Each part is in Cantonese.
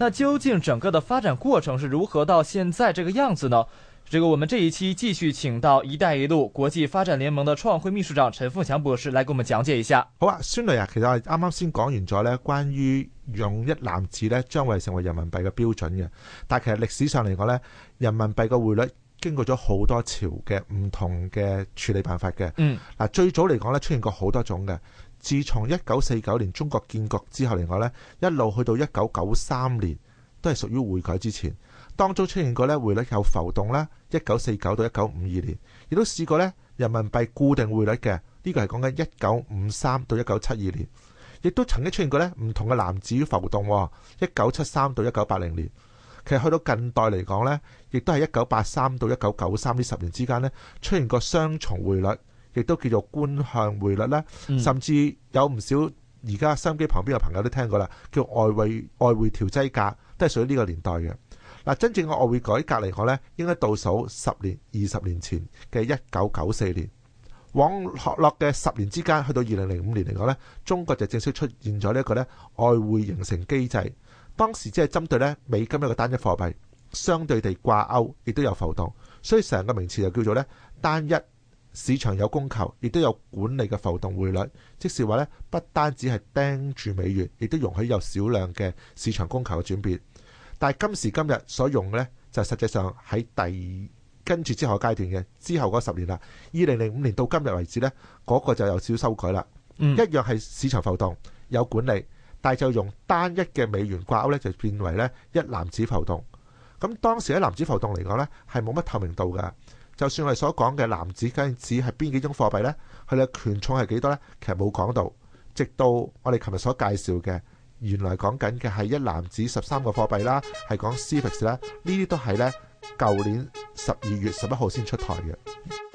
那究竟整個的發展過程是如何到現在這個樣子呢？這個我們這一期繼續請到一帶一路國際發展聯盟的創會秘書長陳鳳翔博士來給我們講解一下。好啊，孫雷啊，其實我啱啱先講完咗呢關於用一籃子呢將會成為人民幣嘅標準嘅，但其實歷史上嚟講呢，人民幣嘅匯率經過咗好多潮嘅唔同嘅處理辦法嘅。嗯，嗱最早嚟講呢，出現過好多種嘅。自從一九四九年中國建國之後嚟講呢，一路去到一九九三年都係屬於匯改之前，當中出現過咧匯率有浮動啦。一九四九到一九五二年，亦都試過呢人民幣固定匯率嘅，呢、這個係講緊一九五三到一九七二年，亦都曾經出現過呢唔同嘅籃子浮動。一九七三到一九八零年，其實去到近代嚟講呢亦都係一九八三到一九九三呢十年之間呢出現過雙重匯率，亦都叫做官向匯率啦，甚至有唔少而家收音機旁邊嘅朋友都聽過啦，叫外匯外匯調劑價，都係屬於呢個年代嘅。嗱，真正嘅外匯改革嚟講咧，應該倒數十年、二十年前嘅一九九四年，往落落嘅十年之間，去到二零零五年嚟講咧，中國就正式出現咗呢一個咧外匯形成機制。當時即係針對咧美金一個單一貨幣，相對地掛鈎，亦都有浮動，所以成個名詞就叫做咧單一。市場有供求，亦都有管理嘅浮動匯率，即是話呢，不單止係盯住美元，亦都容許有少量嘅市場供求嘅轉變。但係今時今日所用呢，就實際上喺第跟住之後階段嘅之後嗰十年啦，二零零五年到今日為止呢，嗰、嗰個就有少少修改啦。嗯、一樣係市場浮動有管理，但係就用單一嘅美元掛鈎呢，就變為呢一籃子浮動。咁當時喺籃子浮動嚟講呢，係冇乜透明度㗎。就算我哋所講嘅籃子金指係邊幾種貨幣呢？佢哋嘅權重係幾多呢？其實冇講到，直到我哋琴日所介紹嘅，原來講緊嘅係一籃子十三個貨幣啦，係講 Civic 啦，呢啲都係呢舊年十二月十一號先出台嘅。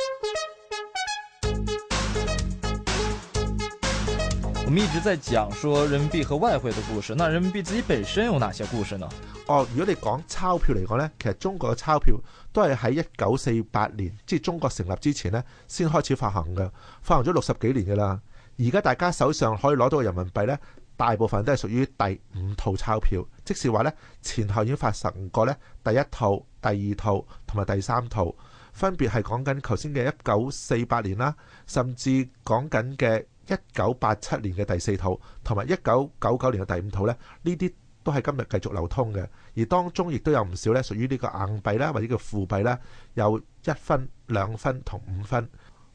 我們一直在講說人民幣和外匯的故事，那人民幣自己本身有哪些故事呢？哦，如果你講鈔票嚟講呢，其實中國嘅鈔票都係喺一九四八年，即係中國成立之前呢，先開始發行嘅，發行咗六十幾年嘅啦。而家大家手上可以攞到嘅人民幣呢，大部分都係屬於第五套鈔票，即是話呢，前後已經發行過咧，第一套、第二套同埋第三套，分別係講緊頭先嘅一九四八年啦，甚至講緊嘅。一九八七年嘅第四套，同埋一九九九年嘅第五套呢，呢啲都係今日繼續流通嘅。而當中亦都有唔少呢，屬於呢個硬幣啦，或者叫輔幣啦，有一分、兩分同五分，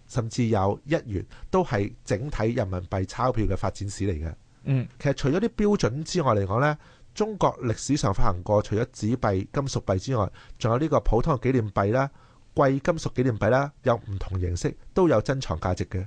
甚至有一元，都係整體人民幣鈔票嘅發展史嚟嘅。嗯，其實除咗啲標準之外嚟講呢，中國歷史上發行過除咗紙幣、金屬幣之外，仲有呢個普通嘅紀念幣啦、貴金屬紀念幣啦，有唔同形式，都有珍藏價值嘅。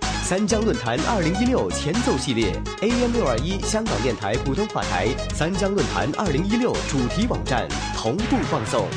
三江論壇二零一六前奏系列，AM 六二一，香港電台普通話台，三江論壇二零一六主題網站同步放送。